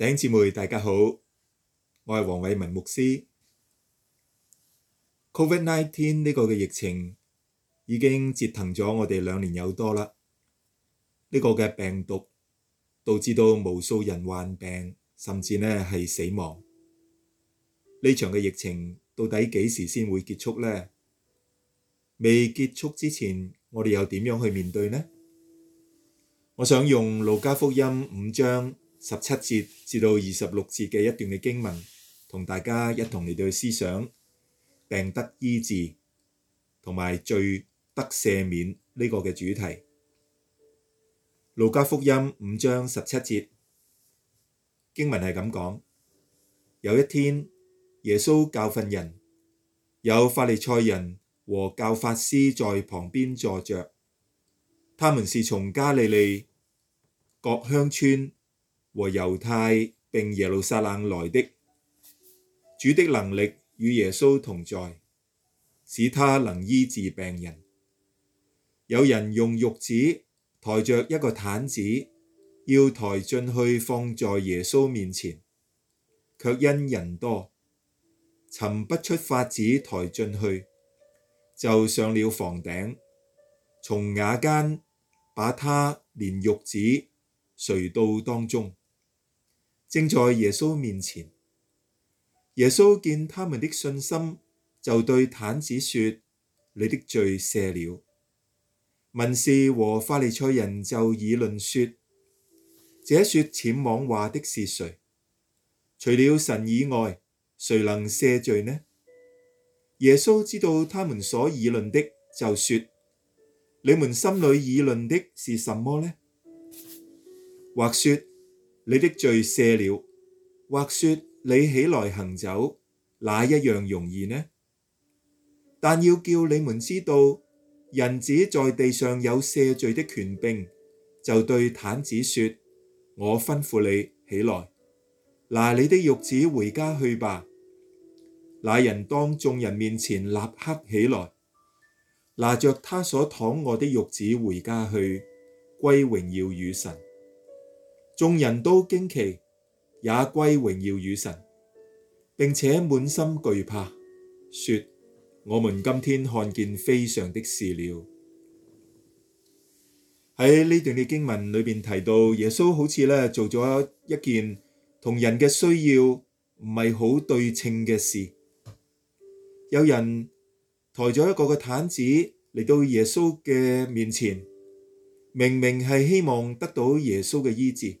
弟兄姊妹，大家好，我係黃偉文牧師。Covid nineteen 呢個嘅疫情已經折騰咗我哋兩年有多啦，呢個嘅病毒導致到無數人患病，甚至呢係死亡。呢場嘅疫情到底幾時先會結束呢？未結束之前，我哋又點樣去面對呢？我想用路加福音五章十七節至到二十六節嘅一段嘅經文，同大家一同嚟到思想病得醫治，同埋罪得赦免呢個嘅主題。路加福音五章十七節經文係咁講：有一天耶穌教訓人，有法利賽人和教法師在旁邊坐着，他們是從加利利各鄉村和猶太並耶路撒冷來的主的能力與耶穌同在，使他能醫治病人。有人用褥子抬着一個癱子，要抬進去放在耶穌面前，卻因人多，尋不出法子抬進去，就上了房頂，從瓦間把他連褥子垂到當中。正在耶穌面前，耶穌見他們的信心，就對癱子說：你的罪赦了。文士和法利賽人就議論說：這說僭妄話的是誰？除了神以外，誰能赦罪呢？耶穌知道他們所議論的，就說：你們心裏議論的是什麼呢？或說，你的罪赦了，或說你起來行走，哪一樣容易呢？但要叫你們知道，人子在地上有赦罪的權柄，就對癱子說：我吩咐你起來，拿你的褥子回家去吧。那人當眾人面前立刻起來，拿着他所躺臥的褥子回家去，歸榮耀與神。眾人都驚奇，也歸榮耀與神，並且滿心懼怕，說：我們今天看見非常的事了。喺呢段嘅經文裏邊提到，耶穌好似咧做咗一件同人嘅需要唔係好對稱嘅事。有人抬咗一個嘅癱子嚟到耶穌嘅面前，明明係希望得到耶穌嘅醫治。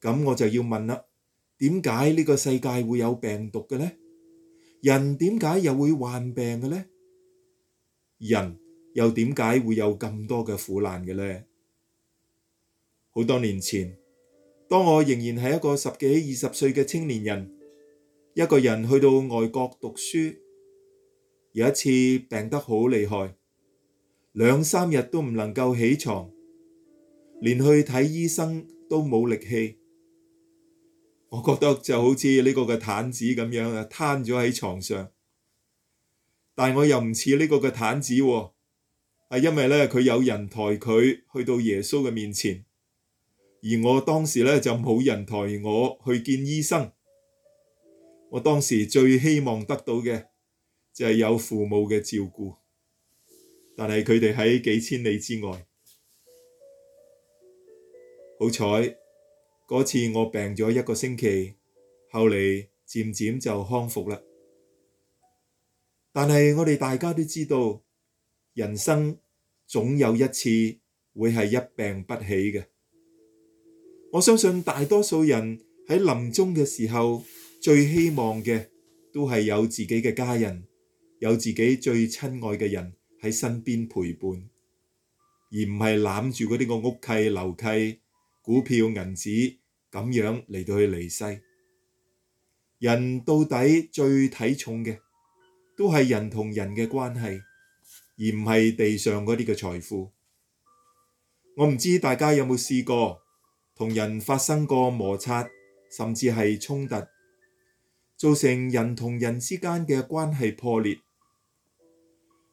咁我就要問啦，點解呢個世界會有病毒嘅呢？人點解又會患病嘅呢？人又點解會有咁多嘅苦難嘅呢？好多年前，當我仍然係一個十幾二十歲嘅青年人，一個人去到外國讀書，有一次病得好厲害，兩三日都唔能夠起床，連去睇醫生都冇力氣。我覺得就好似呢個嘅毯子咁樣啊，攤咗喺床上，但我又唔似呢個嘅毯子喎、哦，係因為呢，佢有人抬佢去到耶穌嘅面前，而我當時呢，就冇人抬我去見醫生，我當時最希望得到嘅就係、是、有父母嘅照顧，但係佢哋喺幾千里之外，好彩。嗰次我病咗一個星期，後嚟漸漸就康復啦。但係我哋大家都知道，人生總有一次會係一病不起嘅。我相信大多數人喺臨終嘅時候，最希望嘅都係有自己嘅家人，有自己最親愛嘅人喺身邊陪伴，而唔係攬住嗰啲個屋契、樓契。股票、銀紙咁樣嚟到去離世，人到底最睇重嘅，都係人同人嘅關係，而唔係地上嗰啲嘅財富。我唔知大家有冇試過同人發生過摩擦，甚至係衝突，造成人同人之間嘅關係破裂。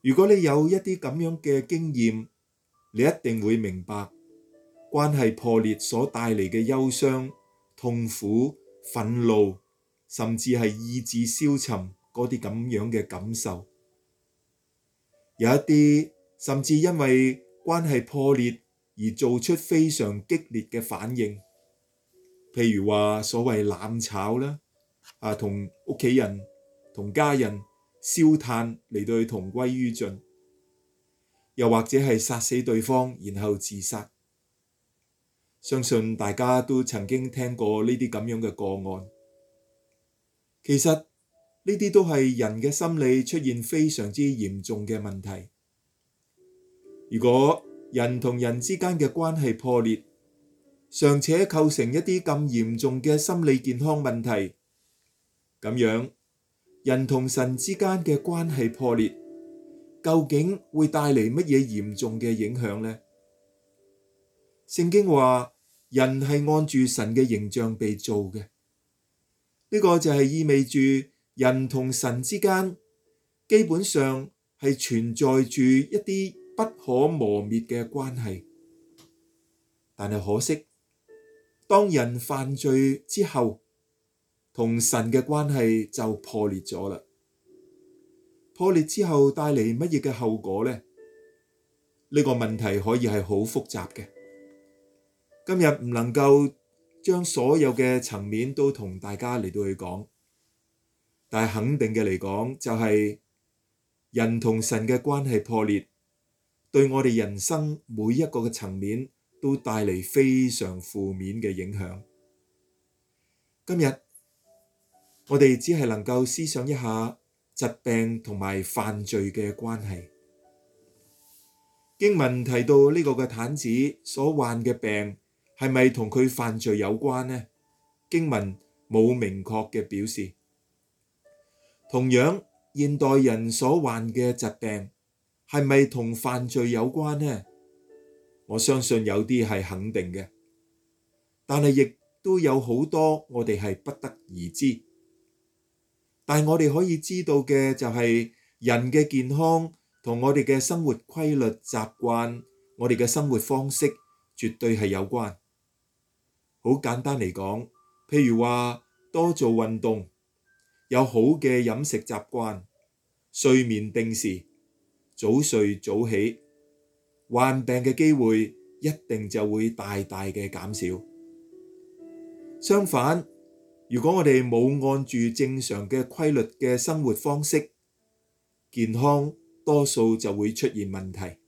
如果你有一啲咁樣嘅經驗，你一定會明白。關係破裂所帶嚟嘅憂傷、痛苦、憤怒，甚至係意志消沉嗰啲咁樣嘅感受，有一啲甚至因為關係破裂而做出非常激烈嘅反應，譬如話所謂攬炒啦，啊，同屋企人、同家人燒炭嚟到去同歸於盡，又或者係殺死對方然後自殺。相信大家都曾經聽過呢啲咁樣嘅個案，其實呢啲都係人嘅心理出現非常之嚴重嘅問題。如果人同人之間嘅關係破裂，尚且構成一啲咁嚴重嘅心理健康問題，咁樣人同神之間嘅關係破裂，究竟會帶嚟乜嘢嚴重嘅影響呢？聖經話人係按住神嘅形象被造嘅，呢個就係意味住人同神之間基本上係存在住一啲不可磨滅嘅關係。但係可惜，當人犯罪之後，同神嘅關係就破裂咗啦。破裂之後帶嚟乜嘢嘅後果呢？呢個問題可以係好複雜嘅。今日唔能夠將所有嘅層面都同大家嚟到去講，但係肯定嘅嚟講，就係人同神嘅關係破裂，對我哋人生每一個嘅層面都帶嚟非常負面嘅影響。今日我哋只係能夠思想一下疾病同埋犯罪嘅關係。經文提到呢個嘅癱子所患嘅病。係咪同佢犯罪有關呢？經文冇明確嘅表示。同樣，現代人所患嘅疾病係咪同犯罪有關呢？我相信有啲係肯定嘅，但係亦都有好多我哋係不得而知。但係我哋可以知道嘅就係人嘅健康同我哋嘅生活規律、習慣、我哋嘅生活方式絕對係有關。好簡單嚟講，譬如話多做運動，有好嘅飲食習慣，睡眠定時，早睡早起，患病嘅機會一定就會大大嘅減少。相反，如果我哋冇按住正常嘅規律嘅生活方式，健康多數就會出現問題，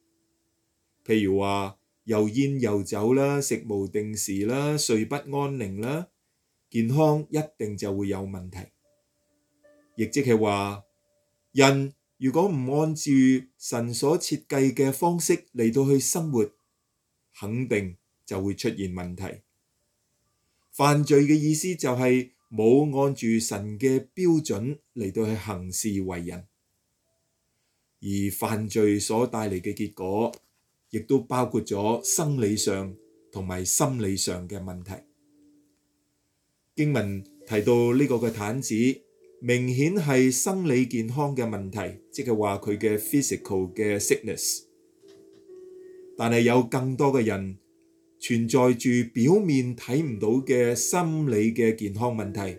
譬如話，又煙又酒啦，食無定時啦，睡不安寧啦，健康一定就會有問題。亦即係話，人如果唔按住神所設計嘅方式嚟到去生活，肯定就會出現問題。犯罪嘅意思就係冇按住神嘅標準嚟到去行事為人，而犯罪所帶嚟嘅結果。亦都包括咗生理上同埋心理上嘅問題。經文提到呢個嘅癱子，明顯係生理健康嘅問題，即係話佢嘅 physical 嘅 sickness。但係有更多嘅人存在住表面睇唔到嘅心理嘅健康問題，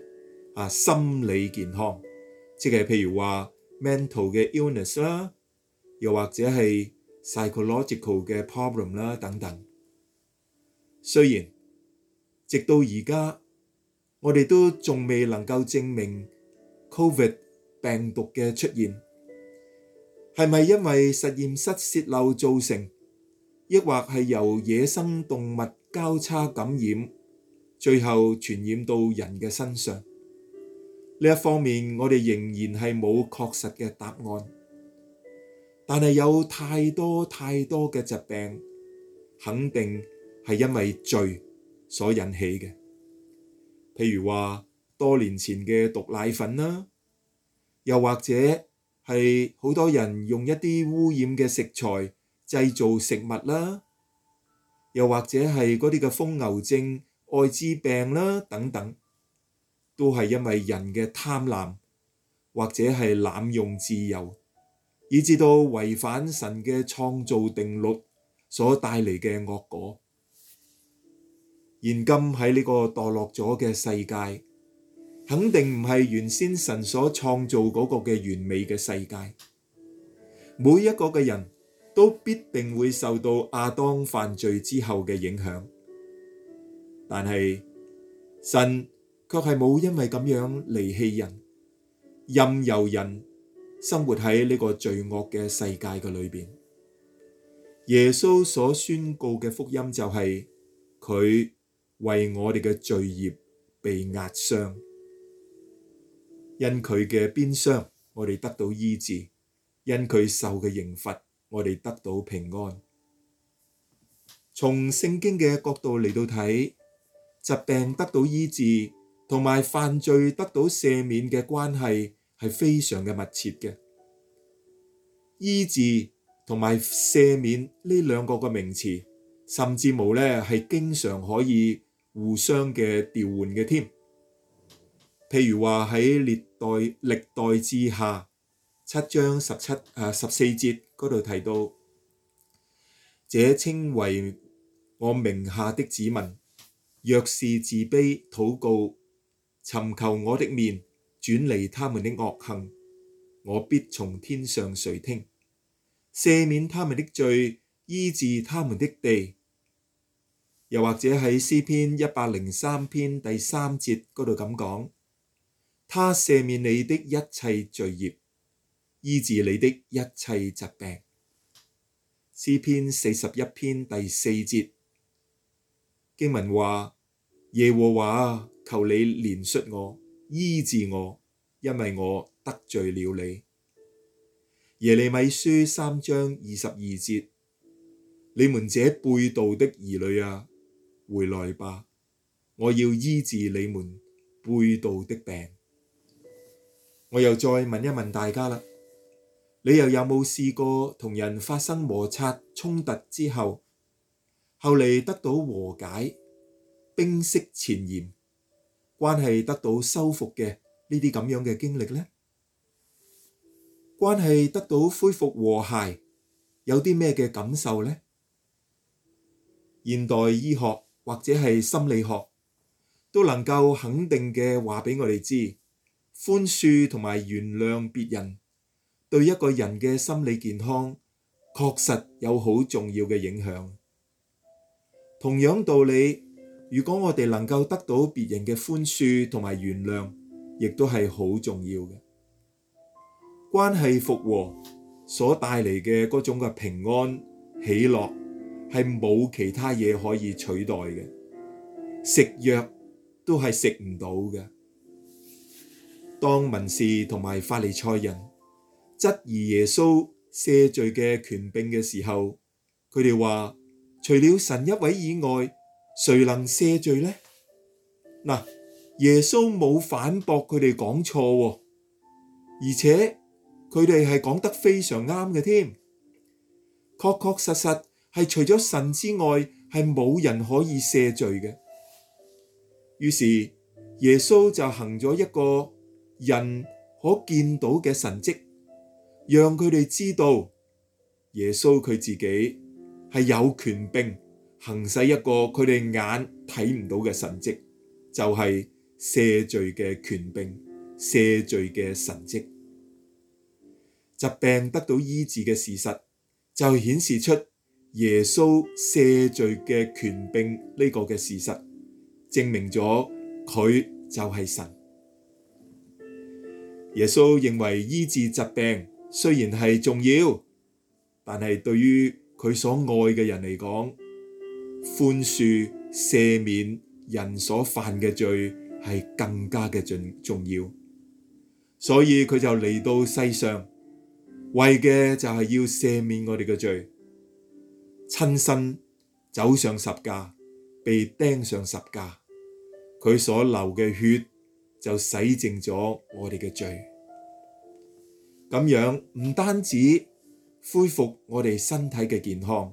啊，心理健康，即係譬如話 mental 嘅 illness 啦，又或者係，psychological 嘅 problem 啦等等，雖然直到而家我哋都仲未能夠證明 Covid 病毒嘅出現係咪因為實驗室洩漏造成，抑或係由野生動物交叉感染，最後傳染到人嘅身上。呢一方面，我哋仍然係冇確實嘅答案。但係有太多太多嘅疾病，肯定係因為罪所引起嘅。譬如話多年前嘅毒奶粉啦，又或者係好多人用一啲污染嘅食材製造食物啦，又或者係嗰啲嘅瘋牛症、愛滋病啦等等，都係因為人嘅貪婪，或者係濫用自由。以至到違反神嘅創造定律所帶嚟嘅惡果，現今喺呢個墮落咗嘅世界，肯定唔係原先神所創造嗰個嘅完美嘅世界。每一個嘅人都必定會受到亞當犯罪之後嘅影響，但係神卻係冇因為咁樣離棄人，任由人。生活喺呢個罪惡嘅世界嘅裏邊，耶穌所宣告嘅福音就係佢為我哋嘅罪孽被壓傷，因佢嘅鞭傷，我哋得到醫治；因佢受嘅刑罰，我哋得到平安。從聖經嘅角度嚟到睇，疾病得到醫治，同埋犯罪得到赦免嘅關係。係非常嘅密切嘅，醫治同埋赦免呢兩個嘅名詞，甚至無呢係經常可以互相嘅調換嘅添。譬如話喺列代歷代之下七章十七誒、啊、十四節嗰度提到，這稱為我名下的子民，若是自卑禱告，尋求我的面，轉離他們的惡行，我必從天上垂聽，赦免他們的罪，醫治他們的地。又或者喺詩篇一百零三篇第三節嗰度咁講：他赦免你的一切罪孽，醫治你的一切疾病。詩篇四十一篇第四節經文話：耶和華求你憐恤我。醫治我，因為我得罪了你。耶利米書三章二十二節：你們這背道的兒女啊，回來吧，我要醫治你們背道的病。我又再問一問大家啦，你又有冇試過同人發生摩擦衝突之後，後嚟得到和解，冰釋前嫌？關係得到修復嘅呢啲咁樣嘅經歷呢，關係得到恢復和諧，有啲咩嘅感受呢？現代醫學或者係心理學都能夠肯定嘅話，俾我哋知，寬恕同埋原諒別人，對一個人嘅心理健康確實有好重要嘅影響。同樣道理。如果我哋能夠得到別人嘅寬恕同埋原諒，亦都係好重要嘅關係復和所帶嚟嘅嗰種嘅平安喜樂，係冇其他嘢可以取代嘅。食藥都係食唔到嘅。當文士同埋法利賽人質疑耶穌赦罪嘅權柄嘅時候，佢哋話：除了神一位以外，誰能赦罪呢？嗱，耶穌冇反駁佢哋講錯喎，而且佢哋係講得非常啱嘅添，確確實實係除咗神之外係冇人可以赦罪嘅。於是耶穌就行咗一個人可見到嘅神蹟，讓佢哋知道耶穌佢自己係有權柄。行使一個佢哋眼睇唔到嘅神蹟，就係赦罪嘅權柄、赦罪嘅神蹟。疾病得到醫治嘅事實，就顯示出耶穌赦罪嘅權柄呢個嘅事實，證明咗佢就係神。耶穌認為醫治疾病雖然係重要，但係對於佢所愛嘅人嚟講。寬恕、赦免人所犯嘅罪，係更加嘅重重要。所以佢就嚟到世上，為嘅就係要赦免我哋嘅罪，親身走上十架，被釘上十架，佢所流嘅血就洗淨咗我哋嘅罪。咁樣唔單止恢復我哋身體嘅健康。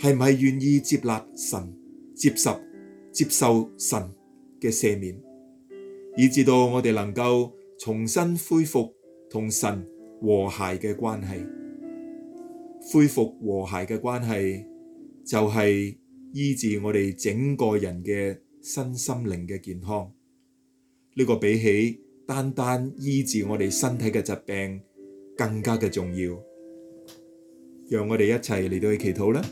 係咪願意接納神、接受、接受神嘅赦免，以至到我哋能夠重新恢復同神和諧嘅關係？恢復和諧嘅關係就係醫治我哋整個人嘅身心靈嘅健康。呢個比起單單醫治我哋身體嘅疾病更加嘅重要。讓我哋一齊嚟到去祈禱啦！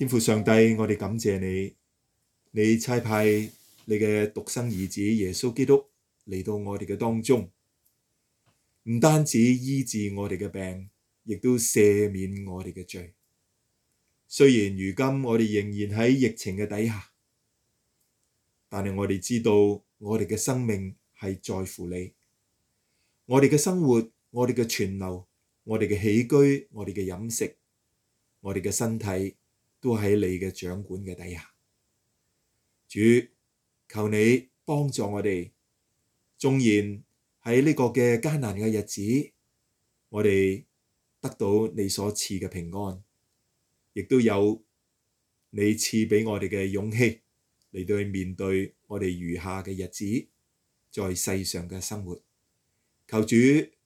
天父上帝，我哋感謝你，你差派你嘅獨生兒子耶穌基督嚟到我哋嘅當中，唔單止醫治我哋嘅病，亦都赦免我哋嘅罪。雖然如今我哋仍然喺疫情嘅底下，但係我哋知道我哋嘅生命係在乎你，我哋嘅生活、我哋嘅存留、我哋嘅起居、我哋嘅飲食、我哋嘅身體，都喺你嘅掌管嘅底下，主，求你幫助我哋，縱然喺呢個嘅艱難嘅日子，我哋得到你所賜嘅平安，亦都有你賜俾我哋嘅勇氣嚟到面對我哋餘下嘅日子，在世上嘅生活。求主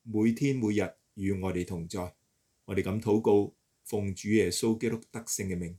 每天每日與我哋同在，我哋咁禱告，奉主耶穌基督得勝嘅命。